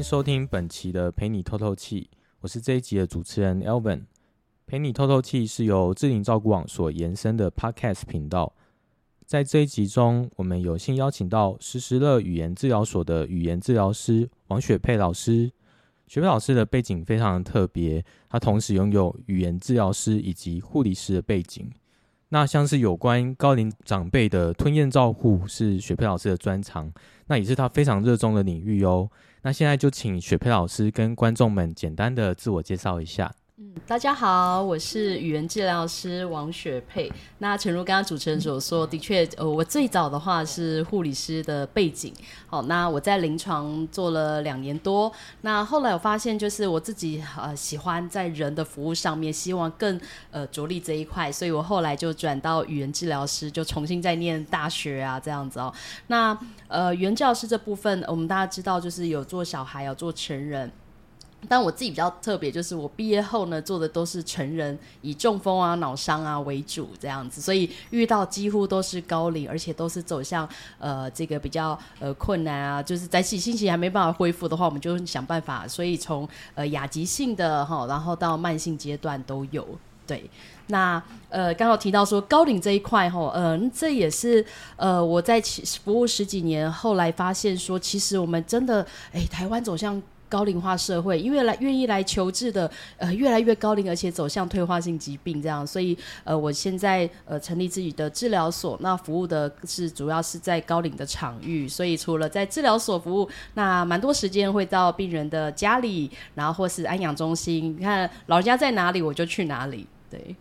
歡迎收聽本期的《陪你透透氣》，我是這一集的主持人 Elvin。《陪你透透氣》是由智齡照顧網所延伸的 Podcast 頻道。在這一集中，我們有幸邀請到時時樂語言治療所的語言治療師王雪佩老師。雪佩老師的背景非常特別，她同時擁有語言治療師以及護理師的背景。那像是有關高齡長輩的吞嚥照護，是雪佩老師的專長，那也是她非常熱衷的領域喲、哦。那現在就請雪珮老師跟觀眾們簡單的自我介紹一下。嗯，大家好，我是語言治療師王雪珮。那誠如剛剛主持人所說，的確，呃，我最早的話是護理師的背景。好、哦，那我在臨床做了兩年多，那後來我發現，就是我自己呃喜歡在人的服務上面，希望更呃着力這一塊，所以我後來就轉到語言治療師，就重新再念大學啊這樣子哦。那呃，語言治療師這部分，我們大家知道，就是有做小孩，有做成人。但我自己比較特別，就是我畢業後呢，做的都是成人，以中風啊、腦傷啊為主這樣子，所以遇到幾乎都是高齡，而且都是走向呃這個比較呃困難啊，就是在急性期還沒辦法恢復的話，我們就想辦法。所以從呃亞急性的哈，然後到慢性階段都有。對，那呃剛好提到說高齡這一塊哈，嗯、呃，這也是呃我在服務十幾年後來發現說，其實我們真的哎、欸、台灣走向。高齡化社會，因為來願意來求治的，呃，越來越高齡，而且走向退化性疾病這樣，所以呃，我現在呃成立自己的治療所，那服務的是主要是在高齡的場域，所以除了在治療所服務，那蠻多時間會到病人的家裡，然後或是安養中心，你看老人家在哪裡我就去哪裡，對。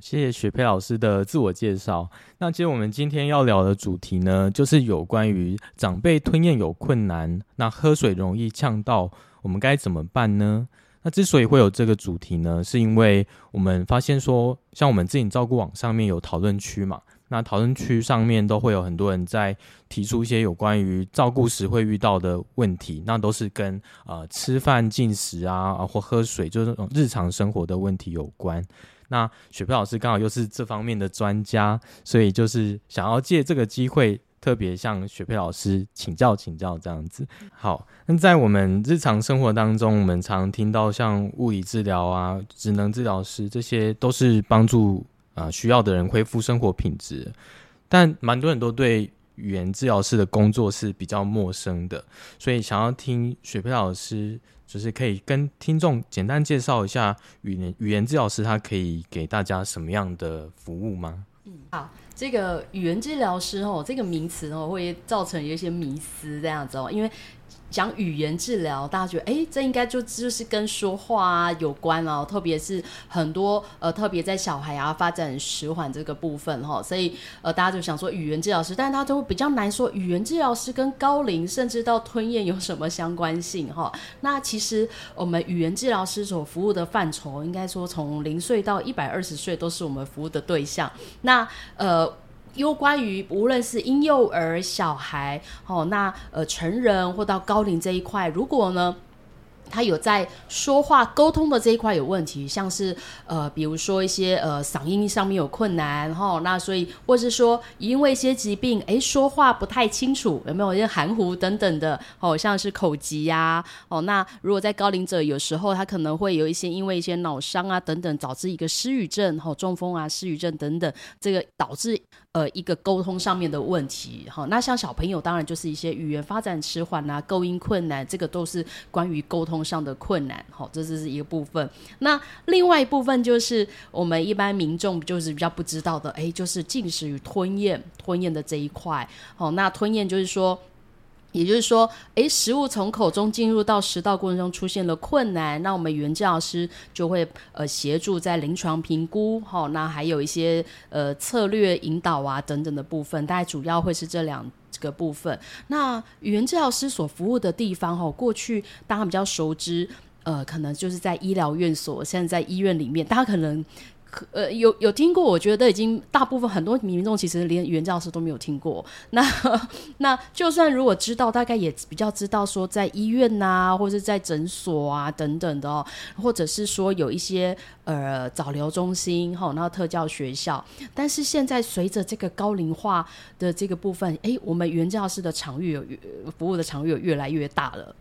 謝謝雪珮老師的自我介紹。那其實我們今天要聊的主題呢，就是有關於長輩吞嚥有困難，那喝水容易嗆到，我們該怎麼辦呢？那之所以會有這個主題呢，是因為我們發現說，像我們自己照顧網上面有討論區嘛，那討論區上面都會有很多人在提出一些有關於照顧時會遇到的問題，那都是跟呃吃飯進食啊或喝水，就是這種日常生活的問題有關。那雪珮老師剛好又是這方面的專家，所以就是想要借這個機會，特別向雪珮老師請教請教這樣子。好，那在我們日常生活當中，我們常聽到像物理治療啊、職能治療師這些，都是幫助啊、呃、需要的人恢復生活品質，但蠻多人都對語言治療師的工作是比較陌生的，所以想要聽雪珮老師，就是可以跟聽眾簡單介紹一下語言語言治療師，他可以給大家什麼樣的服務嗎？嗯，好，這個語言治療師哦，這個名詞哦，會造成有一些迷思這樣子哦，因為。講語言治療，大家覺得誒，這應該就就是跟說話啊有關哦、啊，特別是很多呃，特別在小孩啊發展遲緩這個部分哈、哦，所以呃，大家就想說語言治療師，但是他就都比較難說語言治療師跟高齡甚至到吞嚥有什麼相關性哈、哦。那其實我們語言治療師所服務的範疇，應該說從零歲到一百二十歲都是我們服務的對象。那呃。有關於無論是嬰幼兒小孩哦，那呃成人或到高齡這一塊，如果呢他有在說話溝通的這一塊有問題，像是呃比如說一些呃嗓音上面有困難哈，那所以或是說因為一些疾病，哎、欸、說話不太清楚，有沒有一些含糊等等的好像是口吃呀、啊、哦，那如果在高齡者有時候他可能會有一些因為一些腦傷啊等等導致一個失語症，哦中風啊失語症等等，這個導致。呃，一個溝通上面的問題，好，那像小朋友當然就是一些語言發展遲緩啊，構音困難，這個都是關於溝通上的困難，好，這只是一個部分。那另外一部分就是我們一般民眾就是比較不知道的，哎、欸，就是進食與吞嚥，吞嚥的這一塊，好，那吞嚥就是說。也就是說誒，食物從口中進入到食道過程中出現了困難，那我們語言治療師就會呃協助在臨床評估，哦、那還有一些呃策略引導啊等等的部分，大概主要會是這兩個部分。那語言治療師所服務的地方，哈、哦，過去大家比較熟知，呃，可能就是在醫療院所，現在在醫院裡面，大家可能。呃，有有聽過？我覺得已經大部分很多民眾其實連原教師都沒有聽過。那 那就算如果知道，大概也比較知道說在醫院吶、啊，或者是在診所啊等等的哦，或者是說有一些呃早療中心哈，那、哦、特教學校。但是現在隨着這個高齡化的這個部分，誒，我們原教師的場域有服務的場域有越來越大了，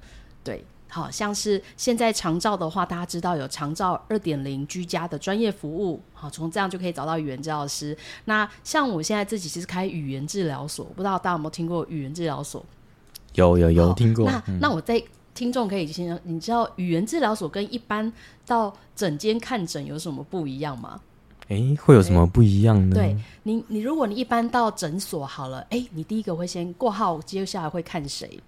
對。好像是現在長照的話，大家知道有長照二點零居家的專業服務。好，從這樣就可以找到語言治療師。那像我現在自己其實開語言治療所，不知道大家有沒有聽過語言治療所？有有有聽過。那、嗯、那我在聽眾可以先講，你知道語言治療所跟一般到診間看診有什麼不一樣嗎？誒、欸，會有什麼不一樣呢？對，對你，你如果你一般到診所好了，誒、欸，你第一個會先掛號，接下來會看誰？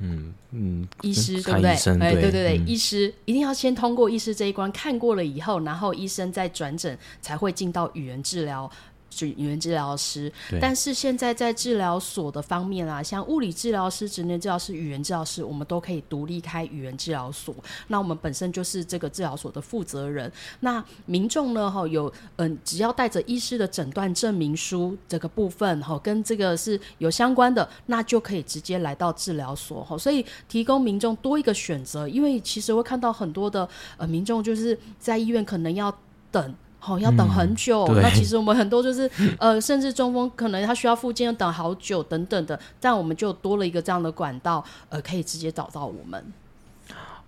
嗯嗯，醫師對不對？哎，對對對,對,對,對,對,對、嗯，醫師一定要先通過醫師這一關，看過了以後，然後醫生再轉診，才會進到語言治療。是語言治療師，但是現在在治療所的方面啊，像物理治療師、職能治療師、語言治療師，我們都可以獨立開語言治療所。那我們本身就是這個治療所的負責人。那民眾呢？哈、哦，有嗯、呃，只要帶着醫師的診斷證明書這個部分，哈、哦，跟這個是有相關的，那就可以直接來到治療所。哈、哦，所以提供民眾多一個選擇，因為其實會看到很多的呃民眾就是在醫院可能要等。哦，要等很久，嗯。那其實我們很多就是，呃，甚至中風可能他需要附近要等好久等等的，但我們就多了一個這樣的管道，呃，可以直接找到我們。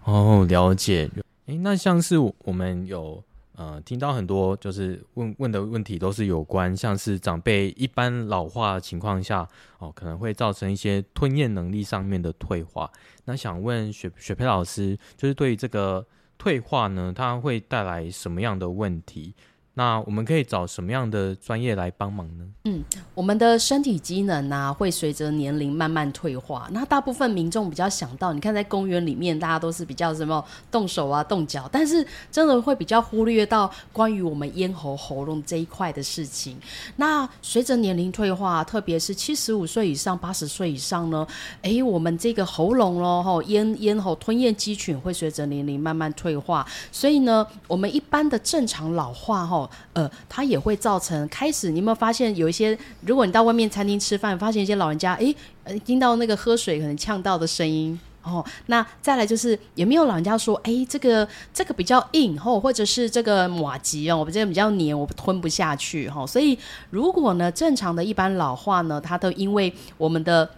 哦，了解。哎，那像是我們有呃聽到很多就是問問的問題，都是有關像是長輩一般老化的情況下，哦可能會造成一些吞咽能力上面的退化。那想問雪雪珮老師，就是對於這個。退化呢，它會帶來什麼樣的問題？那我們可以找什麼樣的專業來幫忙呢？嗯，我們的身體機能呢、啊、會隨着年齡慢慢退化。那大部分民眾比較想到，你看在公園裡面，大家都是比較什麼動手啊、動腳，但是真的會比較忽略到關於我們咽喉，喉、喉嚨這一塊的事情。那隨着年齡退化，特別是七十五歲以上、八十歲以上呢，誒，我們這個喉嚨咯，吼咽咽喉吞嚥肌群會隨着年齡慢慢退化，所以呢，我們一般的正常老化，吼。哦、呃，它也會造成開始，你有沒有發現有一些？如果你到外面餐廳吃飯，發現一些老人家，哎、欸呃，聽到那個喝水可能嗆到的聲音，哦，那再來就是有沒有老人家說，誒、欸，這個這個比較硬，哦，或者是這個麻糬哦，我們這個比較黏，我吞不下去，哈、哦，所以如果呢，正常的一般老化呢，它都因為我們的。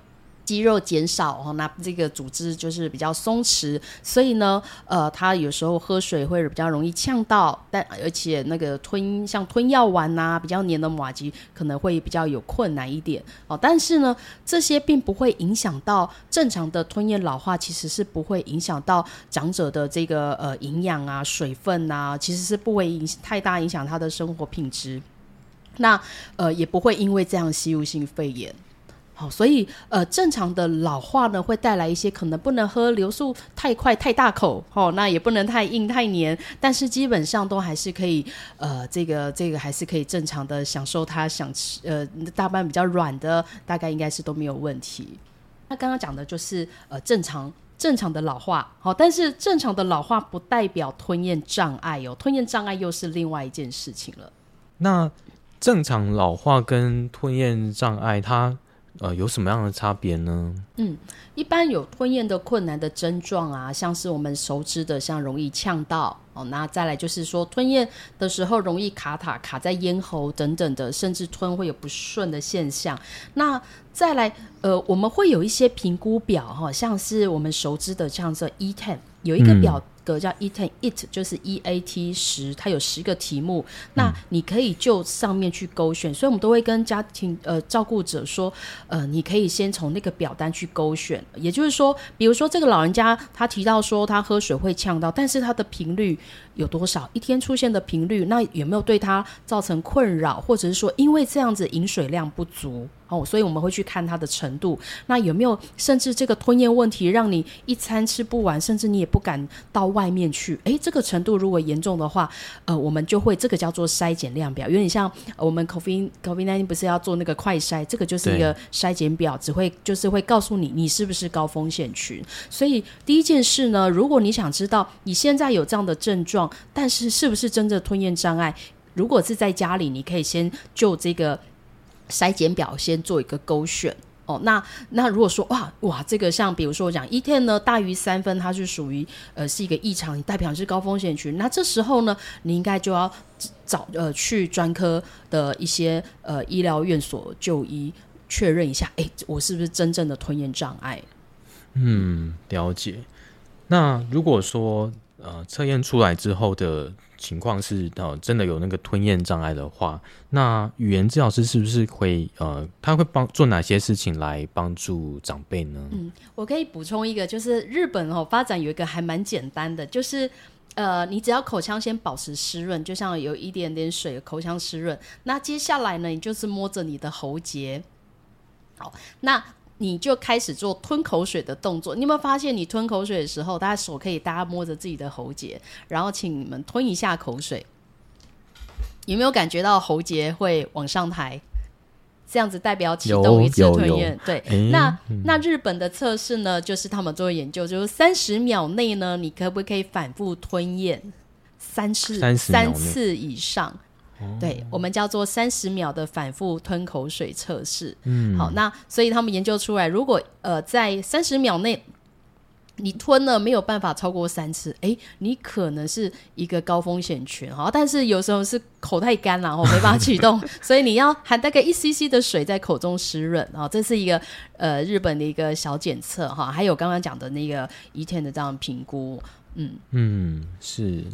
肌肉減少哦，那這個組織就是比較鬆弛，所以呢，呃，他有時候喝水會比較容易嗆到，但而且那個吞像吞藥丸吶、啊，比較黏的麻糬可能會比較有困難一點哦。但是呢，這些並不會影響到正常的吞嚥。老化其實是不會影響到長者的這個呃營養啊、水分啊，其實是不會影太大影響他的生活品質。那呃，也不會因為這樣吸入性肺炎。好、哦，所以呃，正常的老化呢，會帶來一些可能不能喝流速太快太大口好、哦。那也不能太硬太黏。但是基本上都還是可以呃，這個這個還是可以正常的享受它。想吃呃，大半比較軟的，大概應該是都沒有問題。那剛剛講的就是呃，正常正常的老化，好、哦，但是正常的老化不代表吞嚥障礙哦，吞嚥障礙又是另外一件事情了。那正常老化跟吞嚥障礙，它呃，有什麼樣的差別呢？嗯，一般有吞嚥的困難的症狀啊，像是我們熟知的，像容易嗆到哦。那再來就是說，吞嚥的時候容易卡塔卡在咽喉，等等的，甚至吞會有不順的現象。那再來，呃，我們會有一些評估表哈，哦，像是我們熟知的，像這 EAT-10 有一個表。嗯。個叫 EAT 10就是 E A T 十，它有十個題目，嗯，那你可以就上面去勾選。所以我們都會跟家庭呃照顧者說，呃，你可以先從那個表單去勾選。也就是說，比如說這個老人家他提到說他喝水會嗆到，但是他的頻率有多少？一天出現的頻率，那有沒有對他造成困擾，或者是說因為這樣子飲水量不足？所以我們會去看它的程度，那有沒有甚至這個吞嚥問題讓你一餐吃不完，甚至你也不敢到外面去？誒，這個程度如果嚴重的話，呃，我們就會這個叫做篩檢量表，有點像、呃、我們 COVID COVID-19 不是要做那個快篩，這個就是一個篩檢表，只會就是會告訴你你是不是高風險群。所以第一件事呢，如果你想知道你現在有這樣的症狀，但是是不是真的吞嚥障礙，如果是在家裡，你可以先就這個。篩檢表先做一個勾選哦，那那如果說哇哇，這個像比如說我講 EAT-10 呢大於三分，它是屬於呃是一個異常，代表是高風險群。那這時候呢，你應該就要找呃去專科的一些呃醫療院所就醫確認一下，哎、欸，我是不是真正的吞嚥障礙？嗯，了解。那如果說。呃，測驗出來之後的情況是哦、呃，真的有那個吞嚥障礙的話，那語言治療師是不是會呃，他會幫做哪些事情來幫助長輩呢？嗯，我可以補充一個，就是日本哦，發展有一個還蠻簡單的，就是呃，你只要口腔先保持濕潤，就像有一點點水，口腔濕潤。那接下來呢，你就是摸着你的喉結，好，那。你就開始做吞口水的動作，你有沒有發現你吞口水的時候，大家手可以大家摸着自己的喉結，然後請你們吞一下口水，有沒有感覺到喉結會往上抬？這樣子代表啟動一次吞咽。對，欸、那那日本的測試呢，就是他們做的研究，就是三十秒內呢，你可不可以反復吞咽三次、三次以上？對、哦、我們叫做三十秒的反復吞口水測試。嗯，好，那所以他們研究出來，如果呃在三十秒內你吞了沒有辦法超過三次，哎、欸，你可能是一個高風險群哈。但是有時候是口太乾了哈，沒辦法啟動， 所以你要含大概一 cc 的水在口中濕潤啊。這是一個呃日本的一個小檢測哈，還有剛剛講的那個 EAT-10 的這樣評估，嗯嗯是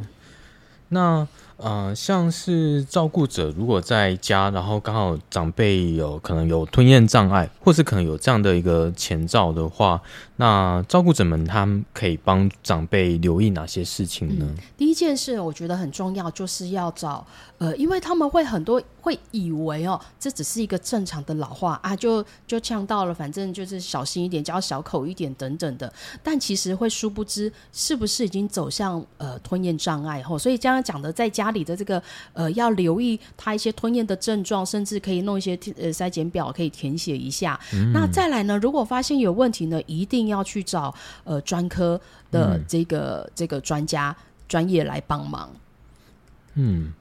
那。呃，像是照顧者如果在家，然後剛好長輩有可能有吞咽障礙，或是可能有這樣的一個前兆的話，那照顧者們他們可以幫長輩留意哪些事情呢？嗯，第一件事我覺得很重要，就是要找呃，因為他們會很多會以為哦，這只是一個正常的老化啊，就就嗆到了，反正就是小心一點，就要小口一點等等的，但其實會殊不知是不是已經走向呃吞咽障礙後，哦，所以剛剛講的在家。你的這個呃，要留意他一些吞嚥的症狀，甚至可以弄一些呃篩檢表，可以填寫一下。那再來呢，如果發現有問題呢，一定要去找呃專科的這個這個專家專業來幫忙。嗯，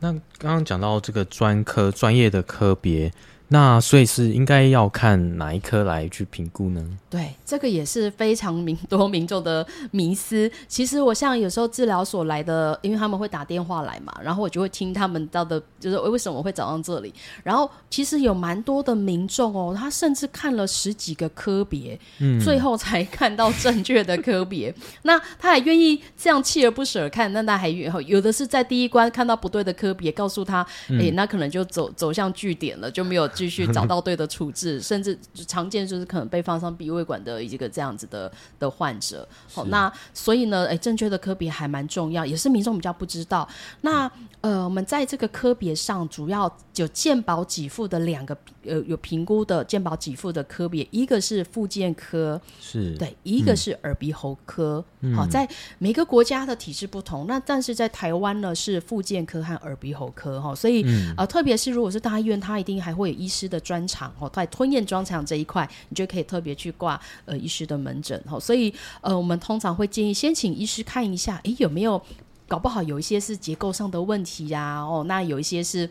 那剛剛講到這個專科專業的科別。那所以是應該要看哪一科來去評估呢？對，這個也是非常民多民眾的迷思。其實我像有時候治療所來的，因為他們會打電話來嘛，然後我就會聽他們到的，就是、欸、為什麼我會找到這裡。然後其實有蠻多的民眾哦，他甚至看了十幾個科別，嗯，最後才看到正確的科別。 那他也願意這樣鍥而不捨看，那他還有的是在第一關看到不對的科別，告訴他，哎、嗯欸，那可能就走走向句點了，就沒有。繼 續找到對的處置，甚至就常見就是可能被放上鼻胃管的一個這樣子的的患者。好、哦，那所以呢，哎，正確的科別還蠻重要，也是民眾比較不知道。那呃，我們在這個科別上主要就健保給付的兩個呃有評估的健保給付的科別，一個是復健科，是對，一個是耳鼻喉科。好、嗯哦，在每個國家的體制不同，那但是在台灣呢是復健科和耳鼻喉科。哈、哦，所以、嗯、呃，特別是如果是大醫院，它一定還會有醫生醫師的專長哦，在吞嚥專長這一塊，你就可以特別去掛呃醫師的門診哦。所以呃，我們通常會建議先請醫師看一下，哎，有沒有搞不好有一些是結構上的問題呀？哦，那有一些是。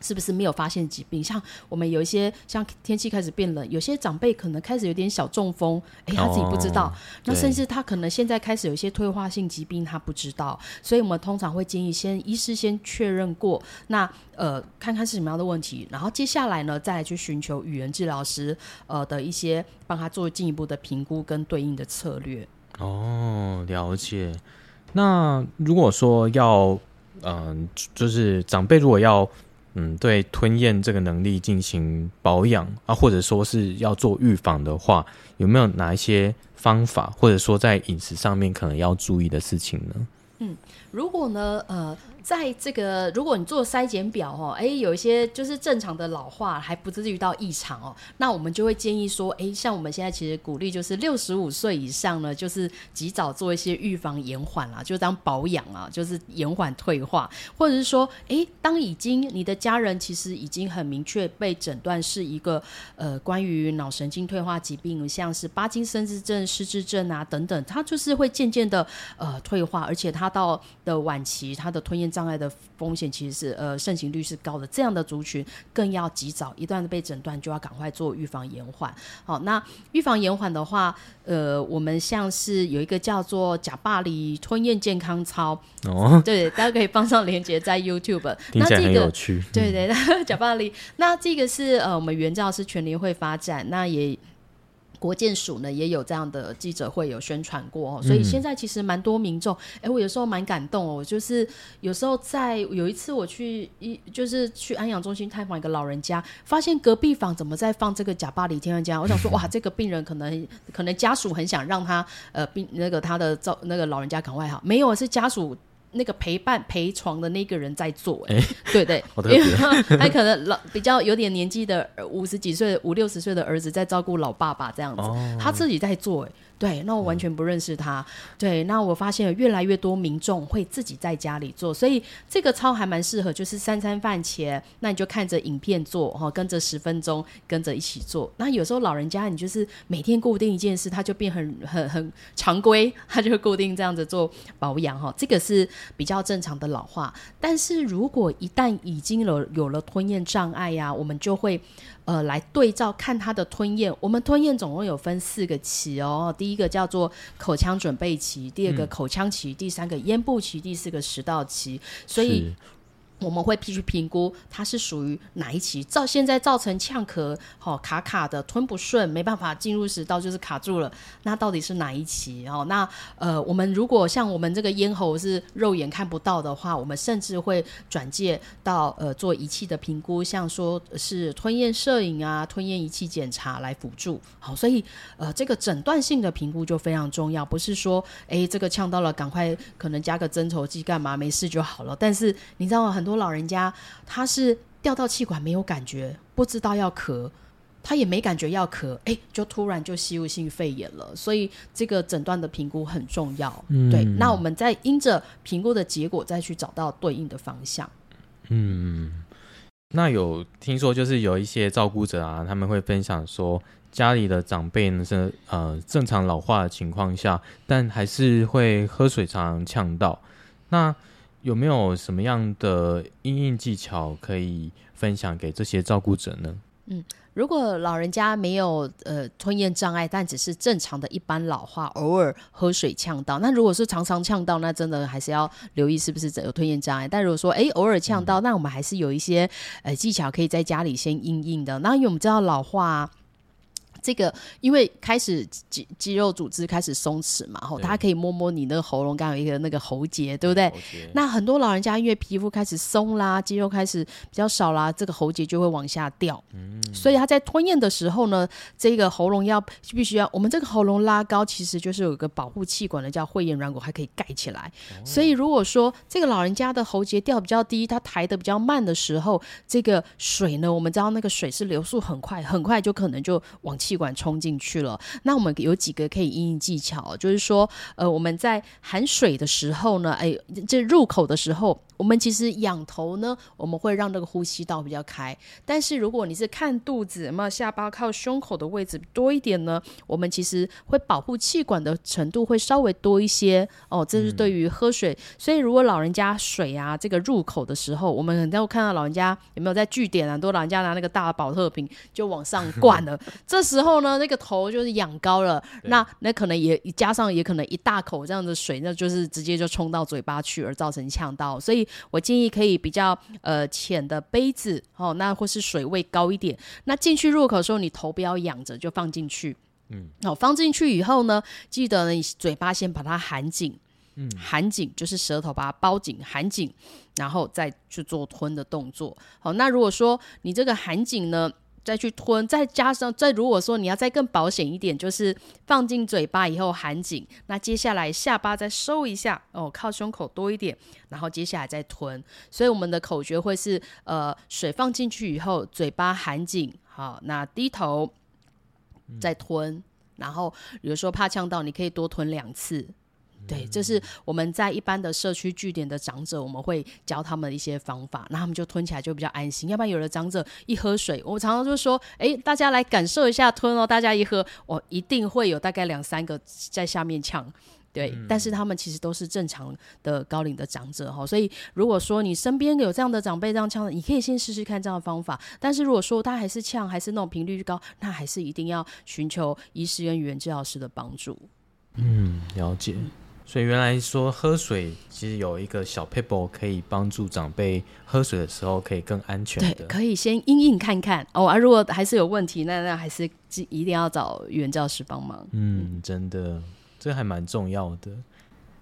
是不是沒有發現疾病？像我們有一些，像天氣開始變冷，有些長輩可能開始有點小中風，哎、欸，他自己不知道、哦。那甚至他可能現在開始有一些退化性疾病，他不知道。所以，我們通常會建議先醫師先確認過，那呃，看看是什麼樣的問題，然後接下來呢，再去尋求語言治療師呃的一些幫他做進一步的評估跟對應的策略。哦，了解。那如果說要，嗯、呃，就是長輩如果要。嗯，對吞嚥這個能力進行保養啊，或者說是要做預防的話，有沒有哪一些方法，或者說在飲食上面可能要注意的事情呢？嗯，如果呢，呃。在這個，如果你做篩檢表哦，哎、欸，有一些就是正常的老化，還不至於到異常哦。那我們就會建議說，哎、欸，像我們現在其實鼓勵就是六十五歲以上呢，就是及早做一些預防延緩啊，就當保養啊，就是延緩退化，或者是說，哎、欸，當已經你的家人其實已經很明確被診斷是一個呃關於腦神經退化疾病，像是巴金森氏症、失智症啊等等，他就是會漸漸的呃退化，而且他到的晚期，他的吞咽障障礙的風險其實是呃盛行率是高的，這樣的族群更要及早一段被診斷，就要趕快做預防延緩。好，那預防延緩的話，呃，我們像是有一個叫做呷百二吞嚥健康操哦，對，對，對，大家可以放上鏈接在 YouTube，那這個、嗯、對，對對，呷百二，那這個是呃我們原教是全聯會發展，那也。國健署呢也有這樣的記者會有宣傳過、嗯、所以現在其實蠻多民眾，哎、欸，我有時候蠻感動哦，我就是有時候在有一次我去一就是去安養中心探訪一個老人家，發現隔壁房怎麼在放這個假巴里天樂家，我想說 哇，這個病人可能可能家屬很想讓他呃病那個他的照那個老人家趕快好，沒有是家屬。那個陪伴陪床的那個人在做、欸，哎、欸，對對，特別因為他，他可能老比較有點年紀的五十幾歲、五六十歲的兒子在照顧老爸爸這樣子，哦、他自己在做、欸，哎。對，那我完全不認識他。嗯、對，那我發現有越來越多民眾會自己在家裡做，所以這個操還蠻適合，就是三餐飯前，那你就看着影片做哈、哦，跟着十分鐘，跟着一起做。那有時候老人家，你就是每天固定一件事，他就變很、很很常規，他就固定這樣子做保養哈、哦，這個是比較正常的老化。但是如果一旦已經有有了吞嚥障礙呀、啊，我們就會呃來對照看他的吞嚥。我們吞嚥總共有分四個期哦，一個叫做口腔準備期，第二個口腔期，嗯、第三個咽部期，第四個食道期，所以。我們會去評估它是屬於哪一期造現在造成嗆咳，好、哦、卡卡的吞不順，沒辦法進入食道，就是卡住了。那到底是哪一期？哦，那呃，我們如果像我們這個咽喉是肉眼看不到的話，我們甚至會轉介到呃做儀器的評估，像說是吞咽攝影啊、吞咽儀器檢查來輔助。好、哦，所以呃，這個診斷性的評估就非常重要，不是說誒，這個嗆到了，趕快可能加個增稠劑幹嘛，沒事就好了。但是你知道很多。很多老人家他是掉到氣管沒有感覺，不知道要咳，他也沒感覺要咳，哎、欸，就突然就吸入性肺炎了。所以這個診斷的評估很重要。嗯，對。那我們再因着評估的結果再去找到對應的方向。嗯，那有聽說就是有一些照顧者啊，他們會分享說，家裡的長輩呢是呃正常老化的情況下，但還是會喝水常常嗆到。那有沒有什麼樣的因應技巧可以分享給這些照顧者呢？嗯，如果老人家沒有呃吞嚥障礙，但只是正常的一般老化，偶爾喝水嗆到。那如果是常常嗆到，那真的還是要留意是不是有吞嚥障礙。但如果說哎、欸，偶爾嗆到，嗯，那我們還是有一些呃技巧可以在家裡先因應的。那因為我們知道老化。這個因為開始肌肌肉組織開始鬆弛嘛，大家可以摸摸你那個喉嚨，剛有一個那個喉結，對不對，對？那很多老人家因為皮膚開始鬆啦，肌肉開始比較少啦，這個喉結就會往下掉。嗯，所以他在吞嚥的時候呢，這個喉嚨要必須要我們這個喉嚨拉高，其實就是有一個保護氣管的叫會厭軟骨，還可以蓋起來。哦、所以如果說這個老人家的喉結掉比較低，他抬的比較慢的時候，這個水呢，我們知道那個水是流速很快，很快就可能就往前。氣管衝進去了，那我們有幾個可以應用技巧，就是說，呃，我們在含水的時候呢，哎，這入口的時候。我們其實仰頭呢，我們會讓這個呼吸道比較開。但是如果你是看肚子，那下巴靠胸口的位置多一點呢，我們其實會保護氣管的程度會稍微多一些哦。這是對於喝水。嗯，所以如果老人家水啊這個入口的時候，我們很多看到老人家有沒有在據點啊，都老人家拿那個大寶特瓶就往上灌了。 這時候呢，那個頭就是仰高了，那那可能也加上也可能一大口這樣的水，那就是直接就衝到嘴巴去而造成嗆到，所以。我建議可以比較呃淺的杯子哦，那或是水位高一點。那進去入口的時候，你頭不要仰着，就放進去。嗯，那、哦、放進去以後呢，記得你嘴巴先把它含緊，嗯，含緊就是舌頭把它包緊，含緊，然後再去做吞的動作。好、哦，那如果說你這個含緊呢。再去吞，再加上，再如果說你要再更保險一點，就是放進嘴巴以後含緊，那接下來下巴再收一下，哦，靠胸口多一點，然後接下來再吞。所以我們的口訣會是，呃，水放進去以後嘴巴含緊，好，那低頭再吞，嗯、然後比如說怕嗆到，你可以多吞兩次。對，這、就是我們在一般的社區據點的長者，我們會教他們一些方法，那他們就吞起來就比較安心。要不然，有的長者一喝水，我常常就說，哎，大家來感受一下吞哦，大家一喝，我一定會有大概兩三個在下面嗆。對，嗯、但是他們其實都是正常的高齡的長者哈，所以如果說你身邊有這樣的長輩這樣嗆的，你可以先試試看這樣的方法。但是如果說他還是嗆，還是那種頻率高，那還是一定要尋求醫師跟語言治療師的幫助。嗯，了解。所以原來說喝水，其實有一個小撇步可以幫助長輩喝水的時候可以更安全的。對，可以先應應看看哦，啊，如果還是有問題，那那還是一定要找袁教師幫忙。嗯，真的，這還蠻重要的。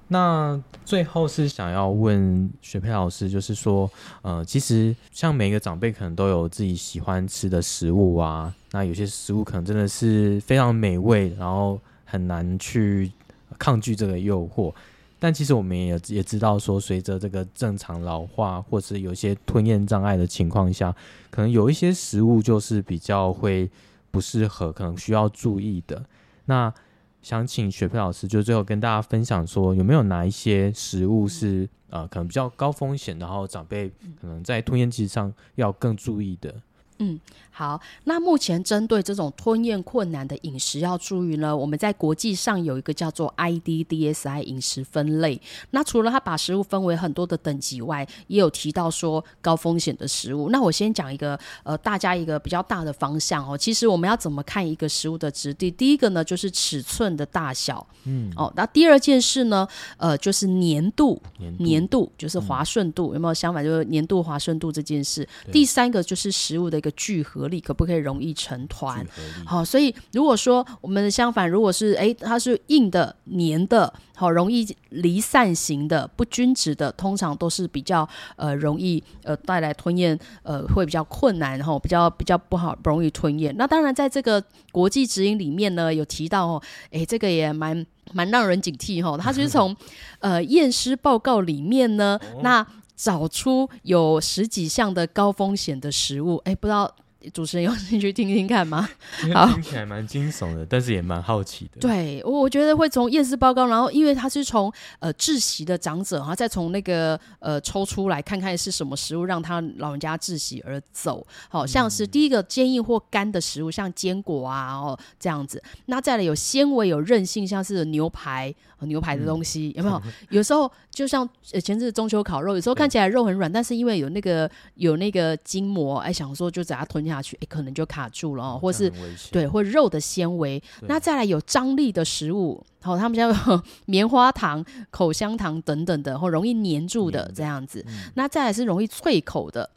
那最後是想要問雪珮老師，就是說，呃，其實像每個長輩可能都有自己喜歡吃的食物啊，那有些食物可能真的是非常美味，然後很難去抗拒這個誘惑，但其實我們也也知道說，隨着這個正常老化，或是有些吞嚥障礙的情況下，可能有一些食物就是比較會不適合，可能需要注意的。那想請雪珮老師就最後跟大家分享說，有沒有哪一些食物是啊、嗯呃，可能比較高風險，然後長輩可能在吞嚥其實上要更注意的？嗯。好，那目前針對這種吞嚥困難的飲食要注意呢，我們在國際上有一個叫做 IDDSI 飲食分類。那除了他把食物分為很多的等級外，也有提到說高風險的食物。那我先講一個呃，大家一個比較大的方向哦。其實我們要怎麼看一個食物的質地？第一個呢，就是尺寸的大小。嗯。哦，那第二件事呢，呃，就是黏度、黏度、年度就是滑順度，嗯、有沒有？想法，就是黏度滑順度這件事。第三個就是食物的一個聚合。粒可不可以容易成團？好、哦，所以如果說我們相反，如果是誒、欸，它是硬的、黏的，好、哦，容易離散型的、不均質的，通常都是比較呃容易呃帶來吞嚥呃會比較困難，然、哦、後比較比較不好，不容易吞嚥。那當然，在這個國際指引裡面呢，有提到哦，誒、欸，這個也蠻蠻讓人警惕哈、哦。它就是從 呃驗屍報告裡面呢、哦，那找出有十幾項的高風險的食物，誒、欸，不知道。主持人有興趣聽聽看嗎？好，聽起來蠻驚悚的，但是也蠻好奇的。對，我我覺得會從驗屍報告，然後因為他是從呃窒息的長者，然後再從那個呃抽出來看看是什麼食物讓他老人家窒息而走。好像是第一個堅硬或乾的食物，像堅果啊，哦這樣子。那再來有纖維有韌性，像是牛排、牛排的東西，嗯、有沒有？ 有時候就像呃，前次中秋烤肉，有時候看起來肉很軟，但是因為有那個有那個筋膜，哎，想說就在他吞。下去，誒，可能就卡住了，喔、哦，或是對，或是肉的纖維，那再來有張力的食物，好、喔，他們叫棉花糖、口香糖等等的，或容易黏住的，這樣子，嗯、那再來是容易脆口的，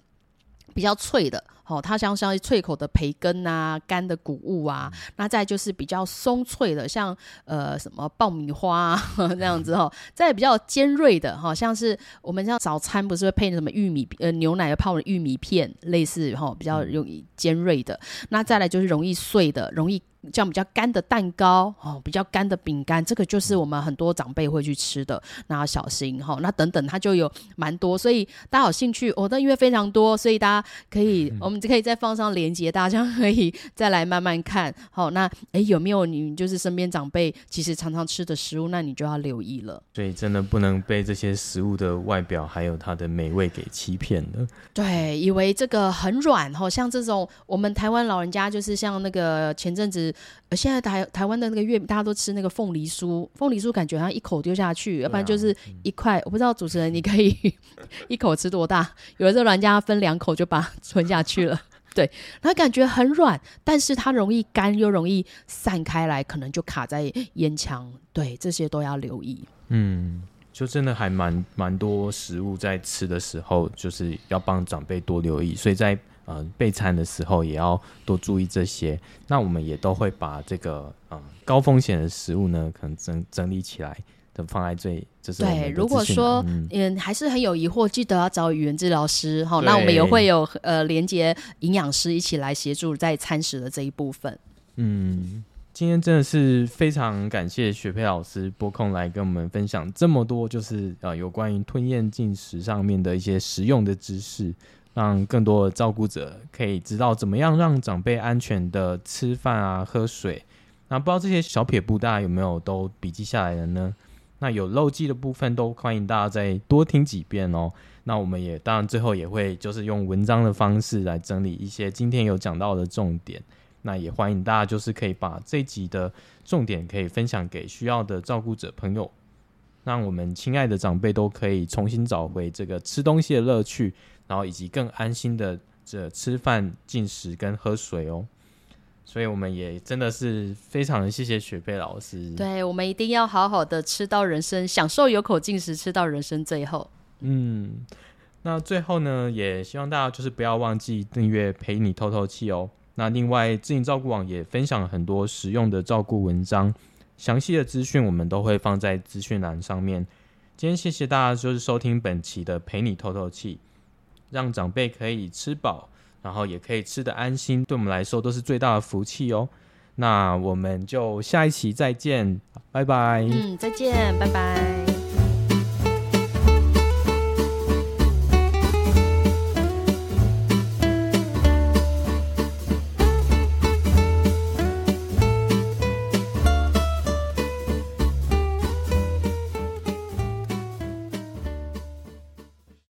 比較脆的。哦，它，像是像是，脆口的培根啊，乾的穀物啊，嗯、那再就是比較鬆脆的，像呃什麼爆米花、啊、呵呵這樣子哈、哦。再比較尖銳的哈、哦，像是我們像早餐不是會配什麼玉米呃牛奶泡的玉米片，類似哈、哦、比較容易尖銳的、嗯。那再來就是容易碎的，容易。這比較乾的蛋糕哦，比較乾的餅乾，這個就是我們很多長輩會去吃的，那要小心哈、哦。那等等它就有蠻多，所以大家有興趣，我、哦、但因為非常多，所以大家可以，我們可以再放上連結，大家可以再來慢慢看。好、哦，那哎、欸、有沒有你就是身邊長輩其實常常吃的食物，那你就要留意了。所以真的不能被這些食物的外表還有它的美味給欺騙了。對，以為這個很軟哈、哦，像這種我們台灣老人家就是像那個前陣子。現在台臺灣的那個月餅，大家都吃那個鳳梨酥，鳳梨酥感覺它一口丟下去、啊，要不然就是一塊。我不知道主持人你可以 一口吃多大，有的時候人家分兩口就把它吞下去了。 對，然後感覺很軟，但是它容易乾又容易散開來，可能就卡在咽腔。對，這些都要留意。嗯，就真的還蠻蠻多食物在吃的時候，就是要幫長輩多留意。所以在呃，備餐的時候也要多注意這些。那我們也都會把這個嗯、呃、高風險的食物呢，可能整整理起來的放在最就是的。對，如果說嗯，還是很有疑惑，記得要找語言治療師好。那我們也會有呃連接營養師一起來協助在餐食的這一部分。嗯，今天真的是非常感謝雪珮老師撥空來跟我們分享這麼多，就是呃，有關於吞嚥進食上面的一些實用的知識。讓更多的照顧者可以知道怎麼樣讓長輩安全的吃飯啊、喝水。那不知道這些小撇步大家有沒有都筆記下來了呢？那有漏記的部分都歡迎大家再多聽幾遍哦。那我們也當然最後也會就是用文章的方式來整理一些今天有講到的重點。那也歡迎大家就是可以把這集的重點可以分享給需要的照顧者朋友，讓我們親愛的長輩都可以重新找回這個吃東西的樂趣，然後以及更安心的這吃飯、進食跟喝水哦。所以我們也真的是非常的謝謝雪珮老師。對，我們一定要好好的吃到人生，享受由口進食，吃到人生最後。嗯，那最後呢，也希望大家就是不要忘記訂閱“陪你透透氣”哦。那另外，自行照顧網也分享了很多實用的照顧文章。詳細的資訊我們都會放在資訊欄上面。今天謝謝大家，就是收聽本期的陪你透透氣，讓長輩可以吃飽，然後也可以吃得安心，對我們來說都是最大的福氣哦。那我們就下一期再見，拜拜。嗯，再見，拜拜。